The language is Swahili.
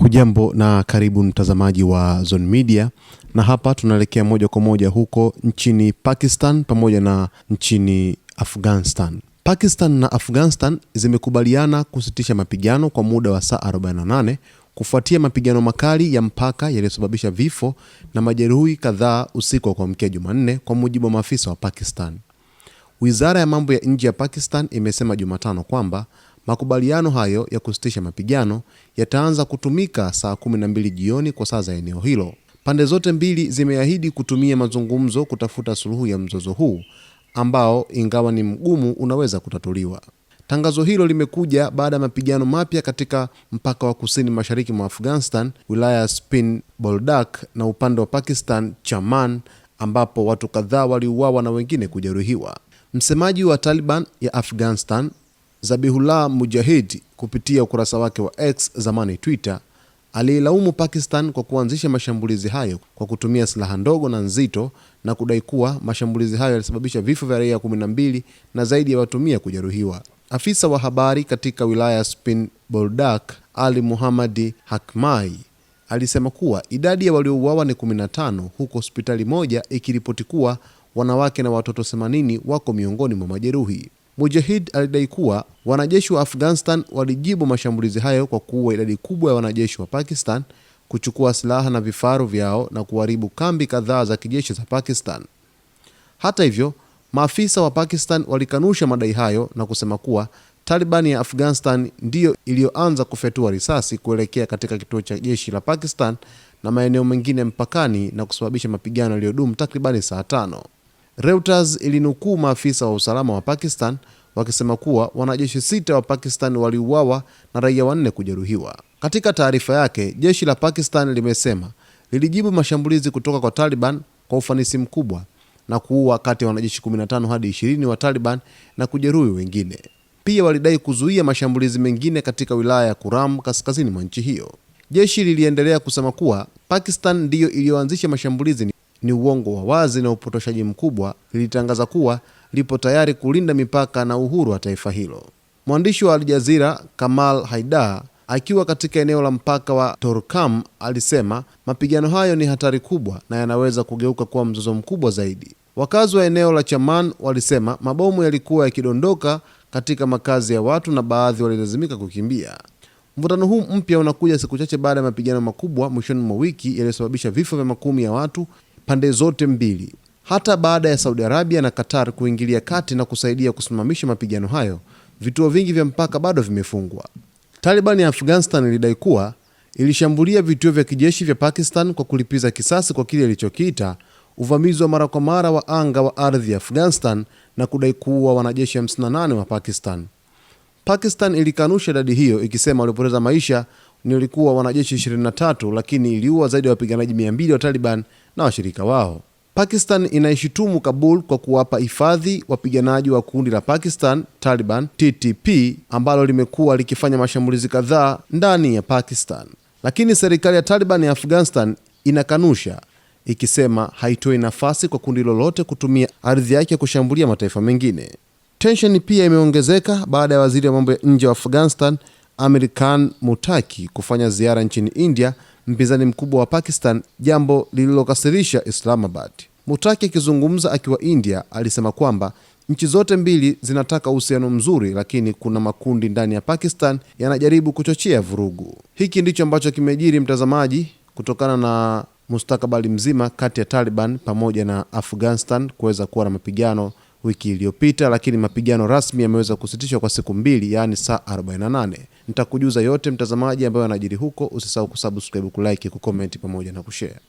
Hujambo na karibu mtazamaji wa Zone Media, na hapa tunaelekea moja kwa moja huko nchini Pakistan pamoja na nchini Afghanistan. Pakistan na Afghanistan zimekubaliana kusitisha mapigano kwa muda wa saa 48 kufuatia mapigano makali ya mpaka yaliyosababisha vifo na majeruhi kadhaa usiku wa kuamkia Jumanne, kwa mujibu wa maafisa wa Pakistan. Wizara ya mambo ya nje ya Pakistan imesema Jumatano kwamba Makubaliano hayo ya kusitisha mapigano yataanza kutumika saa kumi na mbili jioni kwa saa za eneo hilo. Pande zote mbili zimeahidi kutumia mazungumzo kutafuta suluhu ya mzozo huu ambao ingawa ni mgumu unaweza kutatuliwa. Tangazo hilo limekuja baada ya mapigano mapya katika mpaka wa kusini mashariki mwa Afghanistan, wilaya ya Spin Boldak na upande wa Pakistan Chaman, ambapo watu kadhaa waliuawa na wengine kujeruhiwa. Msemaji wa Taliban ya Afghanistan Zabihullah Mujahid kupitia ukurasa wake wa X zamani Twitter aliilaumu Pakistan kwa kuanzisha mashambulizi hayo kwa kutumia silaha ndogo na nzito na kudai kuwa mashambulizi hayo yalisababisha vifo vya raia 12 na zaidi ya watu 100 kujeruhiwa. Afisa wa habari katika wilaya ya Spin Boldak Ali muhamadi Hakmai alisema kuwa idadi ya waliouawa ni 15 huku hospitali moja ikiripoti kuwa wanawake na watoto 80 wako miongoni mwa majeruhi. Mujahid alidai kuwa wanajeshi wa Afghanistan walijibu mashambulizi hayo kwa kuua idadi kubwa ya wanajeshi wa Pakistan, kuchukua silaha na vifaru vyao na kuharibu kambi kadhaa za kijeshi za Pakistan. Hata hivyo, maafisa wa Pakistan walikanusha madai hayo na kusema kuwa Taliban ya Afghanistan ndiyo iliyoanza kufyatua risasi kuelekea katika kituo cha jeshi la Pakistan na maeneo mengine mpakani na kusababisha mapigano yaliyodumu takribani saa tano. Reuters ilinukuu maafisa wa usalama wa Pakistan wakisema kuwa wanajeshi sita wa Pakistan waliuawa na raia wanne kujeruhiwa. Katika taarifa yake, jeshi la Pakistan limesema lilijibu mashambulizi kutoka kwa Taliban kwa ufanisi mkubwa na kuua kati ya wanajeshi 15 hadi 20 wa Taliban na kujeruhi wengine. Pia walidai kuzuia mashambulizi mengine katika wilaya ya Kuram kaskazini mwa nchi hiyo. Jeshi liliendelea kusema kuwa Pakistan ndiyo iliyoanzisha mashambulizi ni uongo wa wazi na upotoshaji mkubwa, lilitangaza kuwa lipo tayari kulinda mipaka na uhuru wa taifa hilo. Mwandishi wa Aljazira Kamal haida akiwa katika eneo la mpaka wa Torkam alisema mapigano hayo ni hatari kubwa na yanaweza kugeuka kuwa mzozo mkubwa zaidi. Wakazi wa eneo la Chaman walisema mabomu yalikuwa yakidondoka katika makazi ya watu na baadhi walilazimika kukimbia. Mvutano huu mpya unakuja siku chache baada ya mapigano makubwa mwishoni mwa wiki yaliyosababisha vifo vya makumi ya watu pande zote mbili, hata baada ya Saudi Arabia na Qatar kuingilia kati na kusaidia kusimamisha mapigano hayo. Vituo vingi vya mpaka bado vimefungwa. Taliban ya Afghanistan ilidai kuwa ilishambulia vituo vya kijeshi vya Pakistan kwa kulipiza kisasi kwa kile ilichokiita uvamizi wa mara kwa mara wa anga wa ardhi ya Afghanistan na kudai kuua wanajeshi 58 wa Pakistan. Pakistan ilikanusha idadi hiyo ikisema walipoteza maisha nilikuwa wanajeshi 23 lakini iliua zaidi ya wapiganaji 200 wa Taliban na washirika wao. Pakistan inaishutumu Kabul kwa kuwapa hifadhi wapiganaji wa kundi la Pakistan Taliban TTP ambalo limekuwa likifanya mashambulizi kadhaa ndani ya Pakistan. Lakini serikali ya Taliban ya Afghanistan inakanusha ikisema haitoi nafasi kwa kundi lolote kutumia ardhi yake kushambulia mataifa mengine. Tensheni pia imeongezeka baada ya waziri wa mambo ya nje wa Afghanistan Amir Khan Mutaki kufanya ziara nchini India, mpinzani mkubwa wa Pakistan, jambo lililokasirisha Islamabad. Mutaki akizungumza akiwa India alisema kwamba nchi zote mbili zinataka uhusiano mzuri, lakini kuna makundi ndani ya Pakistan yanajaribu kuchochea vurugu. Hiki ndicho ambacho kimejiri, mtazamaji, kutokana na mustakabali mzima kati ya Taliban pamoja na Afghanistan kuweza kuwa na mapigano wiki iliyopita, lakini mapigano rasmi yameweza kusitishwa kwa siku mbili, yaani saa 48. Nitakujuza yote mtazamaji ambayo anajiri huko. Usisahau kusubscribe, kulike, kucomment pamoja na kushare.